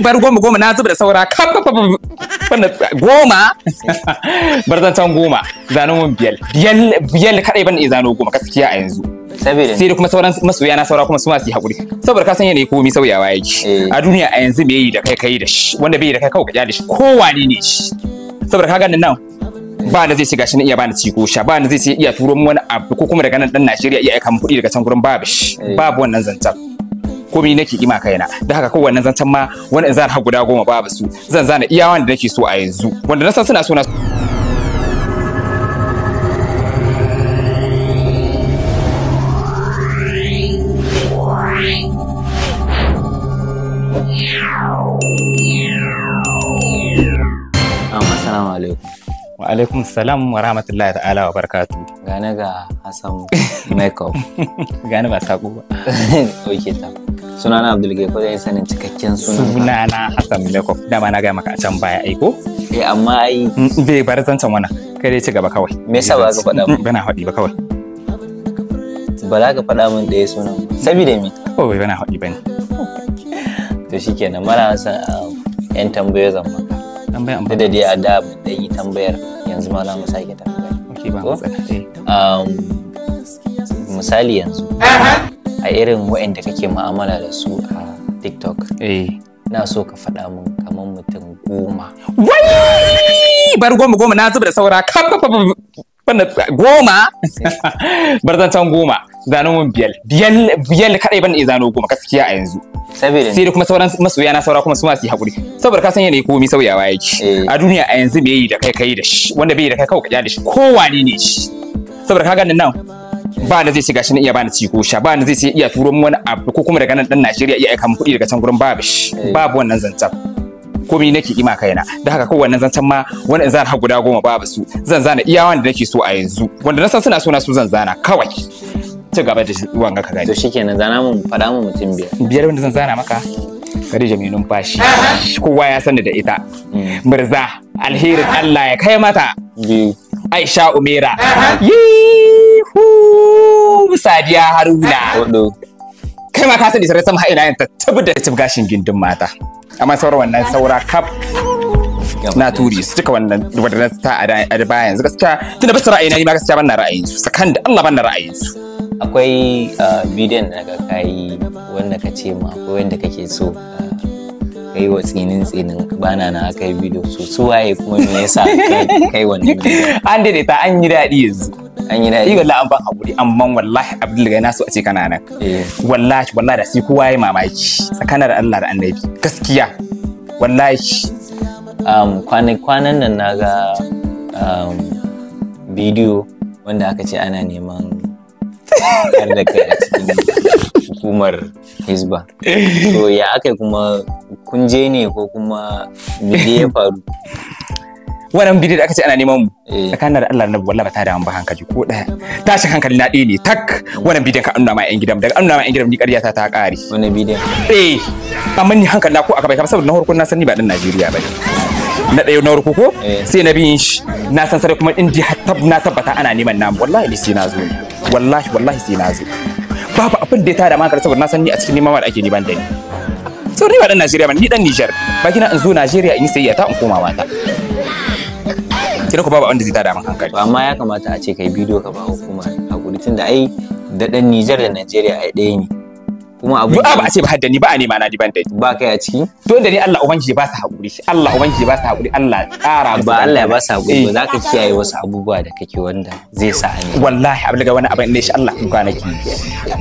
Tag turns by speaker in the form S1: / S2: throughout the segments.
S1: bar goma goma na zuba da saura goma bar zancan goma zanen mun biyar biyar kadai ban iya zano goma gaskiya a yanzu sai da kuma sauran masoya na saura kuma su masu yi hakuri, saboda ka san yanayi komi sauyawa yake eh. a duniya a yanzu me yi da kai kai da shi wanda bai yi da kai kawai ka ja da shi kowane ne shi saboda ka gani nan ba na zai ce gashi na iya bani ciko sha ba na zai ce iya turo mu wani abu ko kuma daga nan dan Najeriya iya aika mu kuɗi daga can gurin babu shi eh. babu wannan zancen komai nake ima kaina da haka kowanne zancan ma wani in zana guda goma babu su zan zana iya wanda nake so a yanzu wanda na san suna so na Assalamu alaikum. Wa alaikum salam wa rahmatullahi ta'ala wa barakatu. Gane ga Hassan Makeup. Gane ba sako ba. Oke ta. sunana abdul gefo zai sanin cikakken suna sunana hassan lekof dama na gaya maka a can baya aiko eh amma ai mm, bai bar zancan wannan kai dai ci gaba kawai me yasa ba ka faɗa mun mm, bana faɗi ba kawai ba za ka faɗa mun ɗaya sunan saboda me oh bai bana faɗi bane to shikenan mara san um, yan tambayoyi zan maka tambayan amma da dai a da ban yi tambayar yanzu ma za mu sake tambaya okay ba matsala um, misali yanzu a irin waɗanda kake mu'amala da su a tiktok eh. na so ka faɗa mun kamar mutum goma
S2: wai
S1: bar goma goma na zuba da saura goma bar zancen goma zanen mun biyal biyal biyar kadai ban iya zano goma gaskiya a yanzu sai da kuma sauran masoya na saura kuma su masu hakuri saboda ka san yanayi komi sauyawa yake eh. a duniya a yanzu bai yi da kai kai da shi wanda bai yi da kai kawai ka da shi kowane ne shi saboda ka ganin nan ba na zai shiga shi na iya bani ci ko sha ba na zai sai iya turo wani abu ko kuma daga nan dan Najeriya iya aika kuɗi daga can gurin babu shi eh. babu wannan zancen komai nake ima kaina da haka kowanne zancen ma wani in zana guda goma babu su zan zana iya wanda nake so a yanzu wanda na san suna so na su zan zana kawai ci gaba da wanga ka gani to shikenan zana mun fada mun mutum biyar biyar wanda zan zana maka Khadija mai numfashi kowa ya sani da ita Mirza mm. alherin Allah ya kai mata Aisha Umaira yi ihu sadiya haruna kai ma ka sani sarai sama ina ta tabu da tabu gashin gindin mata amma sauran wannan saura kap. na turi su cika wannan wadannan ta a bayan yanzu gaskiya tunda ba su ra'ayi na ni ma gaskiya ban na ra'ayin su sakan da Allah ban na ra'ayin su akwai uh, bidiyon da ka kai wanda ka ce ma akwai wanda kake so uh, kai wa tsinin tsinin bana na aka yi bidiyo so su waye kuma me yasa kai wannan an daidaita an yi daɗi yanzu an yi nayi wallahi an ban hakuri amma wallahi abdul ga so a ce kana nan eh. wallahi wallahi da si kowa ya mamaki tsakanar Allah da annabi gaskiya wallahi um, kwanan nan na ga um, bidiyo wanda aka ce ana neman kar da kai a cikin hukumar hisba to ya aka kuma kunje ne ko kuma me ya faru wannan bidiyo da aka ce ana neman mu eh. tsakanin da Allah na wallahi ba ta da ba hankali ko daya tashin hankali na ɗaya ne tak wannan bidiyon ka annuna ma yan gidan daga annuna ma yan gidan ni ƙarya ta ta ƙare wannan bidiyon eh amma ni hankali na ko aka bai kama saboda na farko na san ni ba ɗan Najeriya ba ne. na ɗaya na farko ko eh. sai na biyin shi na san sarai kuma indi na tabbata ana neman na wallahi ni sai na zo wallahi wallahi sai na zo babu abin da ya tada ka saboda na san ni a cikin neman da ake ban da ni so ni ba dan Najeriya ba ni dan Niger ba kina in zo Najeriya in yi sayya ta in koma wata kina ku babu wanda zai tada maka hankali amma ya kamata a ce kai bidiyo ka ba hukuma hakuri tunda ai da dan Niger da Najeriya ai ɗaya ne kuma abu ba ba a ce ba haddani ba a nema na diban da ba kai a ciki to da ni Allah ubangiji ba su hakuri Allah ubangiji ba su hakuri Allah kara ba Allah ya ba su hakuri ba eh. zaka kiyaye wasu abubuwa da kake wanda zai sa ani wallahi abin ga wani abin ne shi Allah in kwanaki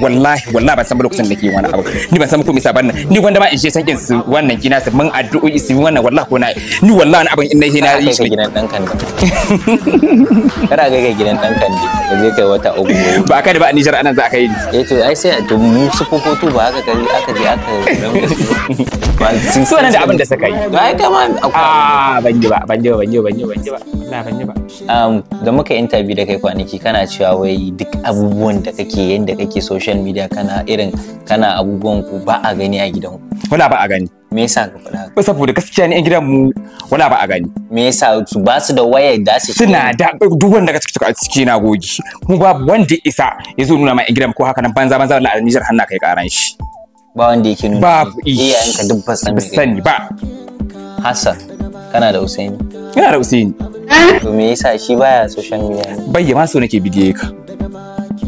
S1: wallahi wallahi ban san lokacin da ke wani abu ni ban san ko misa bannan ni gwanda ma in je sakin su wannan gina su mun addu'o'i su wannan wallahi ko na ni wallahi wani abin in nahi na yi shi gidan dan kan kada ga ga gidan dan kan zai kai wata uku ba ka da ba ni Nijar anan za ka yi eh to ai sai to mu su fofoto to ba aka gani aka je aka rangasu su wannan da abin da suka yi ah, ba ai kama a ban ji ba ban ji ba ban ji ba ban ji ba na ban ji ba um, da muka interview da kai kwanaki kana cewa wai duk abubuwan da kake yanda kake social media kana irin kana abubuwan ku ba a gani a gidanku kuna ba a gani me yasa ka faɗa ba saboda gaskiya ne yan gidan mu wala ba a gani me yasa su ba su da waya da su suna da duk wanda ka cika a ciki na gogi mu babu wanda ya isa ya zo nuna ma yan gidan ko haka nan banza banza wannan almijar hanna kai karan shi ba wanda yake nuna babu iyayen ka duk san me sani ba Hassan kana da Usaini ina da Usaini to me yasa shi baya social media bayya ma so nake bidiye ka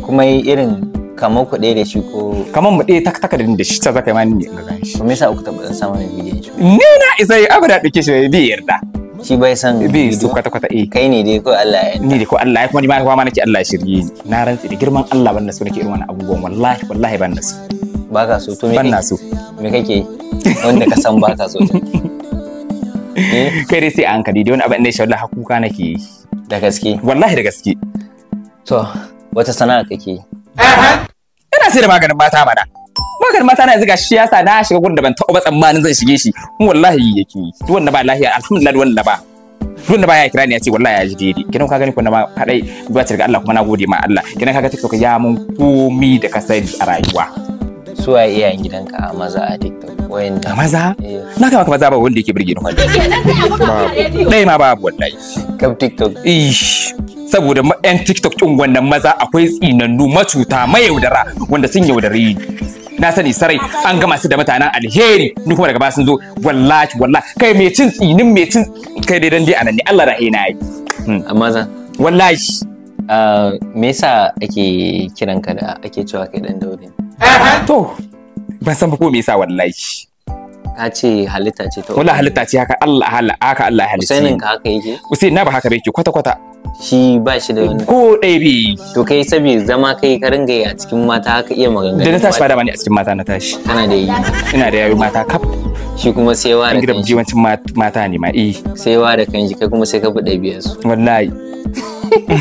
S1: kuma irin kamar ku ɗaya da shi ko kamar mu ɗaya taka da da shi ta zaka ma ni ga gani shi me yasa ku taɓa samu ne bidiyon shi ni na isa yi abu da ɗauke shi bai yarda shi bai san bi su kwata kwata eh kai ne dai ko Allah ya ni dai ko Allah ya kuma ni ma kuma nake Allah shirye ni na rantsi da girman Allah banda su nake irin wannan abubuwan wallahi wallahi banda su ba ka so to me banda su me kake wanda ka san ba ka so eh? kai dai sai a kadi dai wani abin da ya shawar hakuka nake yi da gaske wallahi da gaske to wata sana'a kake ana sai da maganin mata mana maganin mata na yanzu ga shi yasa na shiga gurin da ban taɓa tsammanin zan shige shi kuma wallahi yake duk wanda ba lahiya alhamdulillah duk wanda ba duk da baya kira ni ya ce wallahi ya ji daidai kina ka gani kuma kadai ba ta ga Allah kuma na gode ma Allah kina ka ga TikTok ya mun komi da ka sani a rayuwa su a iyayen gidanka a maza a TikTok wayanda maza eh. na ga maka maza ba wanda yake birge ni
S2: wallahi dai
S1: ma babu wallahi kam TikTok ish saboda yan tiktok ɗin wannan maza akwai tsinannu mai mayaudara wanda sun yaudare na sani sarai an gama su da mutanen alheri ni kuma daga ba sun zo wallahi wallahi kai mai cin tsinin mai cin kai dai dan dai anan ne Allah rahe na yi hmm. amma zan wallahi me yasa ake kiran ka da ake cewa kai dan daure eh, to ban san ba ko me yasa wallahi ka ce halitta ce ta wallahi halitta ce haka Allah haka Allah halitta Usainin ka haka yake usai na ba haka yake kwata kwata shi ba shi da wani ko ɗaya bi to kai sabi zama kai ka ringa yi a cikin mata haka iya maganganu da na tashi fada ne a cikin mata na tashi kana da yi ina da yayi mata kap. shi kuma sai wa da kanji yawancin mata ne ma eh sai wa da kanji kai kuma sai ka bi ɗabi'ar su wallahi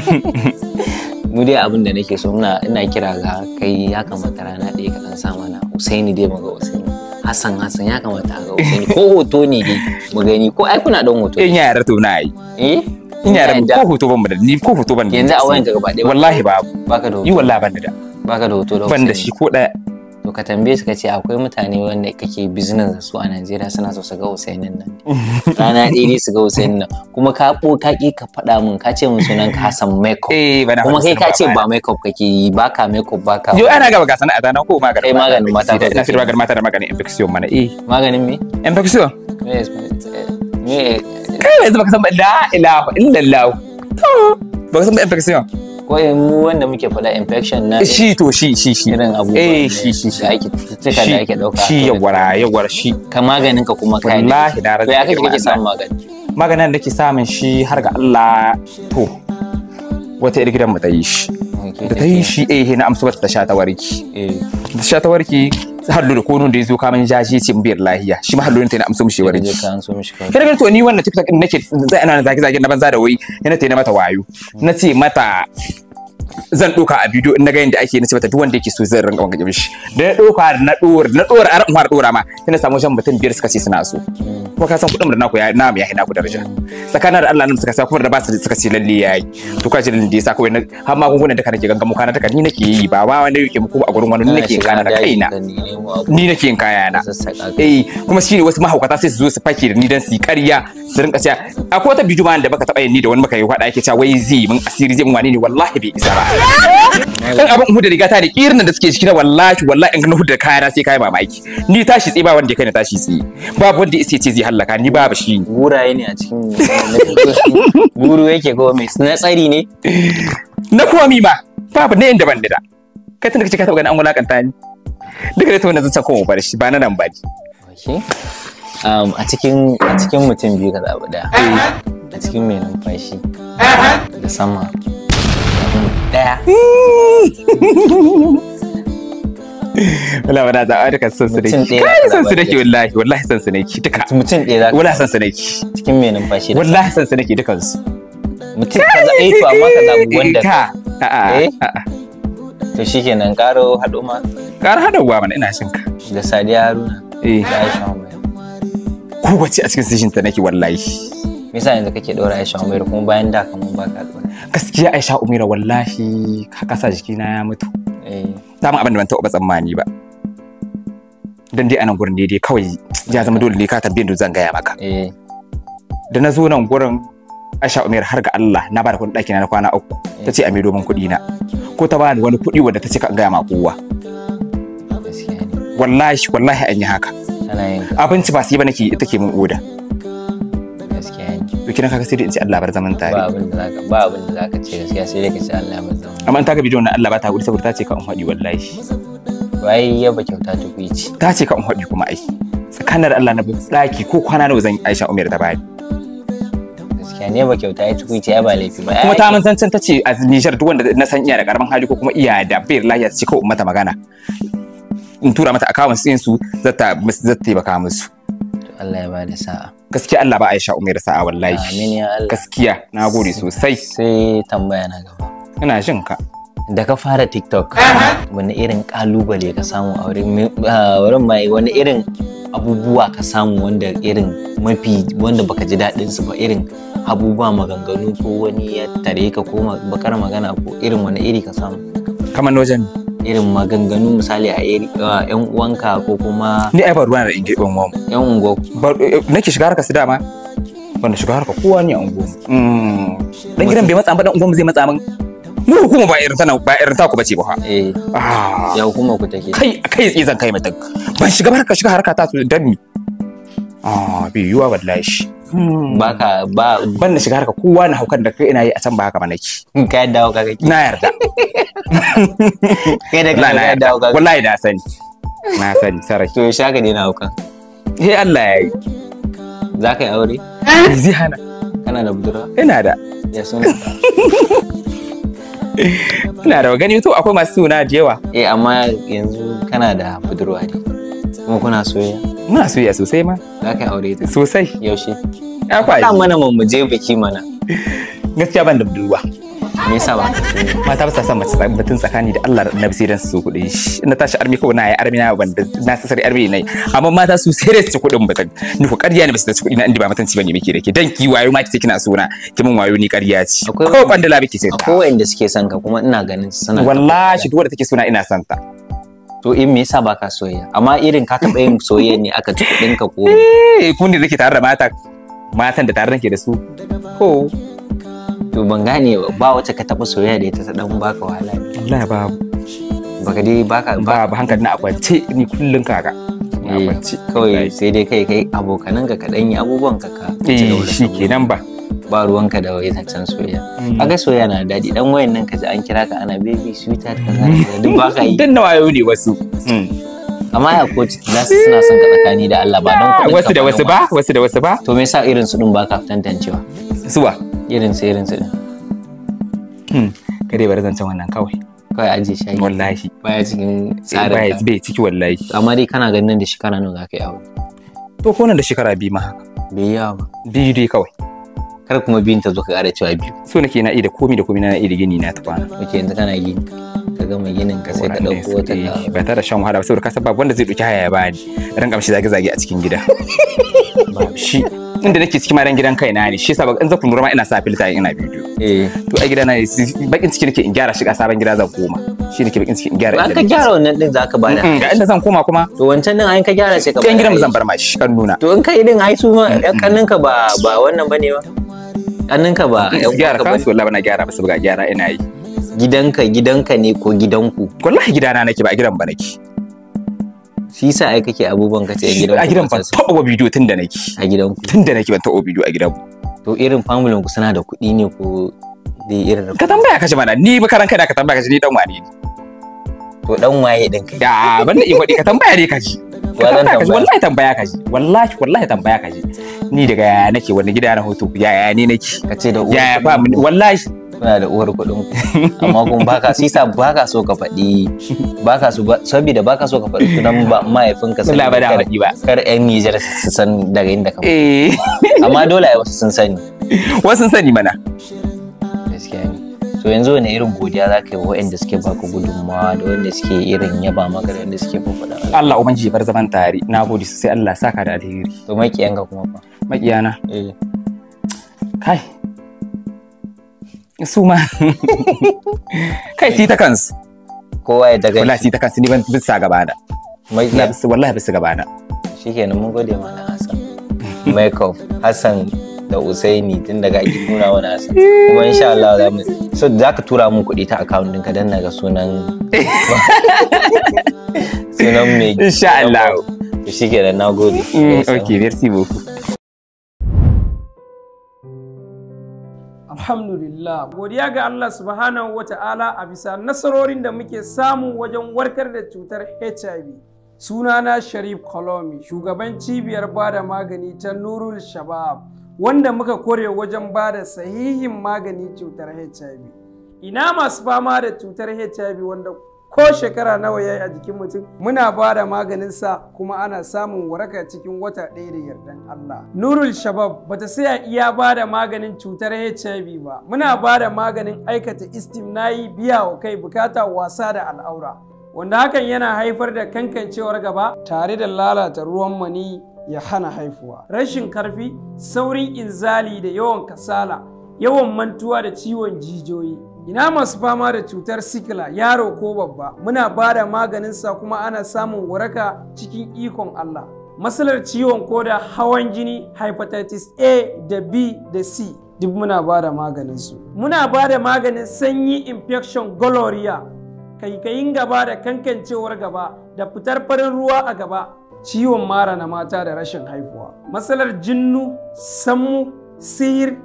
S1: mu dai abin da nake so ina ina kira ga kai ya kamata rana ɗaya ka ɗan sa mana Usaini dai maga Usaini Hassan Hassan ya kamata a ga Usaini ko hoto ne dai mu gani ko ai kuna ɗan hoto in yara to na yi eh ina da ko hoto ban da ni ko hoto ban da yanzu a wayan ka gaba ɗaya wallahi ba baka da yi wallahi ban da baka da hoto ban da shi ko ɗaya to ka tambaye su ka ce akwai mutane wanda kake business da su a Najeriya suna so su ga Usainin nan rana ɗaya ne su ga Usainin nan kuma ka ko ka ki ka faɗa mun ka ce mun sunan ka san makeup eh, kuma kai ka ce ba makeup kake yi baka makeup baka yo ana ga baka a dana ko maganin kai maganin mata ina shirya maganin mata da maganin infection mana eh maganin me infection me kai yanzu baka san ba la ilaha illallah to baka san ba infection ko mu wanda muke faɗa infection na eh, shi to shi shi shi irin abubuwa eh shi shi shi ake tuka da ake dauka shi ya gwara shi ka maganin ka kuma kai wallahi da rasa ya kake kake samun magani maganin da ke samun shi har ga Allah to wata irin gidan mu ta yi shi da ta yi shi eh na amsa ta sha ta warki eh ta sha ta warki hallo da nun da yazo kaman man jaji ce mu biyar lahiya shi ma hallo ne ta amso mishi warin kada ga to ni wannan tiktok din nake zai ana zage zage na banza da wai yana ta mata wayo na ce mata zan doka a bidiyo in na ga yadda ake na ce mata duk wanda yake so zan ranga wanga mishi da na doka na dora na dora har in dora ma sai samu shan mutum biyar suka ce suna so kuma ka san kuɗin da naku ya na mu hina naku daraja tsakanin da Allah nan suka sa kuma da ba su suka ce lalle yayi to ka ji da sa kawai na har magungunan da nake gangamo kana ta ni nake yi ba ba wanda yake muku a gurin wani nake yin kana da kaina ni nake yin kaya na eh kuma shine wasu mahaukata sai su zo su fake da ni dan su yi ƙarya su rinka cewa akwai wata bidiyo bayan da baka taba yin ni da wani maka yi hada yake cewa wai zai mun asiri zai mun wani ne wallahi bai isa ba Kan abin hudu riga ta da kirin da suke na wallahi wallahi in ga huda kaya na sai kai mamaki ni tashi tsi ba wanda kai na tashi tsi babu wanda yace ce zai hallaka ni babu shi guraye ne a cikin guru yake ko mai na tsari ne na komi ma babu ne inda ban da kai tun da kace ka taba ganin an wulakanta ni duka da ta wannan zan sako mu bar shi ba na nan ba ni Um, a cikin a cikin mutum biyu ka zaɓi ɗaya a cikin mai numfashi da sama ɗaya Wala wala zaɓa a duka san su nake. Kai san su nake wallahi wallahi san su nake duka. Mutum ɗaya za ka. Wallahi san su nake. Cikin mai numfashi. Wallahi san su nake dukan su. Mutum ka zaɓe to amma ka zaɓi wanda ka. A'a eh? shi To shikenan karo haɗu ma. Karo haɗu mana ina shinka. Da Sadiya Haruna. Eh. Da Aisha kowace a cikin station ta nake wallahi me yasa yanzu kake dora Aisha Umaira kuma bayan da kaman ka dora gaskiya Aisha Umaira wallahi ka kasa na ya mutu eh ta mun abin da ban taɓa tsammani ba dan dai anan gurin dai kawai ya zama dole ne ka tambaye da zan gaya maka eh da na zo nan gurin Aisha Umair har ga Allah na ba da kuɗin ɗaki na kwana uku eh. ta ce a mai domin kuɗi na ko ta bani wani kuɗi wanda ta ce ka gaya ma kowa wallahi wallahi an yi haka abinci ba su yi ba nake ita ke mun oda to kina kaga sai dai in ce Allah bar zaman tare ba abin da zaka ba abin da zaka ce gaskiya sai dai ka ce Allah bar zaman amma ta ga bidiyon na Allah ba ta gudu saboda ta ce ka in haɗi wallahi wai ya ba kyauta ta ku ci ta ce ka in haɗi kuma ai tsakanar Allah na tsaki ko kwana nawa zan Aisha Umar ta bani gaskiya ne ba kyauta ya tukunci ya ba laifi ba kuma ta mun san can ce a Niger duk wanda na san iya da karaman hali ko kuma iya da bayar lafiya ce ka ummata magana in tura mata accounts din su za ta taimaka musu Allah ya bada sa'a gaskiya Allah ba a sha umar sa'a wallahi amin ya Allah gaskiya nagode sosai sai tambaya na gaba ina jin ka da ka fara TikTok wani irin kalubale ka samu a wurin mai wani irin abubuwa ka samu wanda irin mafi wanda baka ji daɗin su ba irin abubuwa maganganu ko wani ya tare ka ko bakar magana ko irin wani iri ka samu kamar wajen irin maganganu misali a yan uwanka ko kuma ni ai ba ruwa da inge ban wamu yan ungo eh, nake shiga harka su dama wanda shiga harka kowa ne a ungo
S2: mm.
S1: dan gidan bai matsa ba dan ungo zai matsa min mu hukuma ba irin tana ba irin ku bace ba ha eh ah. ya hukuma ku take kai kai tsizan kai mutum ban shiga harka shiga harka ta su dan ni ah bi yuwa wallahi Hmm. baka ba ban na shiga harka kowa na haukan da kai ina yi a can ba haka ba nake in ka yadda hauka kake na yarda kai da kai na yadda hauka wallahi na sani na sani sarai to yaushe haka ne na haukan he Allah ya yi za ka yi aure eh, zai hana kana da budurwa ina da ya suna ina da gani to akwai masu suna da yawa eh amma yanzu kana da budurwa ne kuma kuna soyayya Muna soyayya sosai ma. Za ka aure ta. Sosai. Yaushe. Ya kwa. Ta mana mu je biki mana. Gaskiya ban da budurwa. Me yasa ba? Mata ba sa san mace batun tsakani da Allah na bisiran su kuɗi. Ina tashi armi ko na yi armi na ban da na sasari armi ne. Amma mata su serious su kuɗin batun. Ni ku ƙarya ne ba su kuɗi na inda ba matanci bane muke da ke. Dan ki wayo ma kike kina so na. Ki mun wayo ni ƙarya ce. Ko bandala biki ce. ko wanda suke son ka kuma ina ganin suna. Wallahi duk wanda take so na ina son ta. to in me yasa baka soyayya amma irin ka taɓa yin soyayya ne aka ci kudin ka ko eh kun da nake tare da mata matan da tare nake da su ko to ban gane ba wacce ka taɓa soyayya da ita ta dan baka wahala wallahi ba baka dai baka ba ba hankali na akwance ni kullun kaga na akwance eh, kawai sai dai kai kai abokanan ka kadan yi abubuwan ka ka eh shikenan ba ba ruwanka da wai zancen A mm. kaga soya na daɗi dan wayan nan kaji an kira ka ana baby sweetheart kaza duk ba ka yi dan na wayo ne wasu mm. amma ya ko za su suna son ka tsakani da Allah ba don kuɗin wasu da wasu ba wasu da wasu ba to me yasa irin su din ba ka tantancewa suwa irin su irin su din hmm. kare bar zancen wannan kawai kawai aje shi wallahi baya cikin tsarin baya bai ciki wallahi amma dai kana ganin da shekara nawa za ka yi aure to ko nan da shekara biyu ma haka biyu biyu dai kawai kar kuma biyun ta zo ka ƙara cewa biyu so nake na da komi da komi na da gini na ta kwana muke yanzu kana yi ka gama ginin ka sai ka ɗauko wata ka ba da shan wahala ba saboda ka san wanda zai ɗauki haya ya bani ran kamshi zage zage a cikin gida ba shi inda nake cikin maran gidan kaina ne shi yasa in za ku lura ma ina sa filta ina bidiyo eh to a gidana bakin ciki nake in gyara shi sabon gida zan koma shi nake bakin ciki in gyara an ka gyara wannan din zaka bada ga inda zan koma kuma to wancan din an ka gyara sai ka bada gidan zan bar ma shi kan nuna to in kai din ai su ma kannin ka ba ba wannan bane ba Ƙaninka ba gyara kan su wallahi na gyara ba saboda gyara ina yi. Gidanka gidanka ne ko gidanku? Wallahi gidana nake ba a gidan ba nake. Shi sa ai kake abubuwan kace a gidan. A gidan ban taɓa bidiyo tun da nake. A gidan ku. Tun da nake ban taɓa bidiyo a gidan. ku. To irin family ku suna da kuɗi ne ko dai irin Ka tambaya kace mana ni ba karanka kai da ka tambaya kace ni dan wane ne. To dan waye din kai. Da ban da iko ka tambaya ne kaji. tambaya wallahi tambaya kaji wallahi wallahi tambaya kaji ni daga yaya nake wani gida na hoto yaya ne nake ce da yaya fa wallahi kuna da uwar kuɗin amma kuma baka sisa baka so ka faɗi baka so saboda baka so ka faɗi sunan ba mahaifinka sai ba da faɗi ba kar ƴan Nijar su san daga inda ka eh. amma dole ai wasu sun sani wasu sun sani mana to yanzu wani irin godiya za ka yi wa waɗanda suke baka gudunmawa da wanda suke irin yaba maka da wanda suke faɗa Allah ubangiji bar zaman tare na gode sosai Allah saka da alheri to ka kuma fa makiyana eh kai su ma kai ti ta kansu kowa ya daga wallahi ti ta kansu ni ban bisa gaba da wallahi bisa gaba da shikenan mun gode malam Hassan Michael Hassan da usaini tun daga ake nuna wani asan kuma insha Allah za mu so za ka tura mu kuɗi ta account ɗinka don naga sunan sunan mai insha Allah ke da nagode mm, Ok, merci beaucoup
S2: Alhamdulillah, godiya ga Allah subhanahu wa ta'ala a bisa nasarorin da muke samu wajen warkar da cutar HIV. Sunana Sharif Kolomi, shugaban cibiyar bada magani ta Nurul Shabab. wanda muka kore wajen ba da sahihin magani cutar HIV. Ina masu fama da cutar HIV wanda ko shekara nawa ya yi a jikin mutum muna ba da maganinsa kuma ana samun waraka cikin wata ɗaya da yardan Allah. Nurul Shabab bata saya iya ba da maganin cutar HIV ba, muna ba da maganin aikata istimnayi biya wa kai bukata wasa da al'aura. Wanda hakan yana haifar da kankancewar gaba tare da lalata ruwan mani ya hana haifuwa rashin karfi saurin inzali da yawan kasala yawan mantuwa da ciwon jijiyoyi ina masu fama da cutar sikila yaro ko babba muna ba da maganinsa kuma ana samun waraka cikin ikon Allah matsalar ciwon koda hawan jini hepatitis A da B da C duk muna ba da maganinsu muna ba da maganin sanyi infection gonorrhea kaikayin gaba da kankancewar gaba da fitar farin ruwa a gaba ciwon mara na mata da rashin haihuwa matsalar jinnu sammu sihir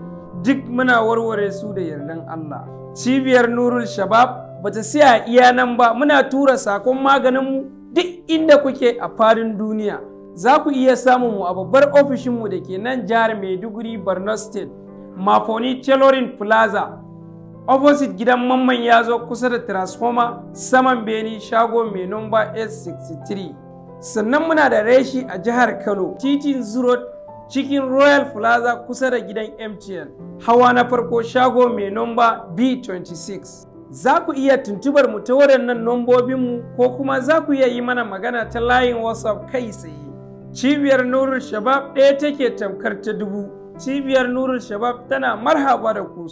S2: duk muna warware su da yardan Allah cibiyar nurul shabab bata siya iya nan ba muna tura sakon maganinmu duk inda kuke a fadin duniya za ku iya samun mu a babbar ofishinmu da ke nan jihar maiduguri borno state mafoni tailoring plaza opposite gidan mamman ya zo kusa da transformer saman beni shago mai nomba s63 sannan muna da reshi a jihar kano titin zurot cikin royal plaza kusa da gidan mtn hawa na farko shago mai nomba b26 za ku iya tuntubar mu ta waɗannan nombobinmu ko kuma za ku iya yi mana magana ta layin whatsapp kai tsaye cibiyar nurul shabab ɗaya take tamkar ta dubu cibiyar nurul shabab tana marhaba da ku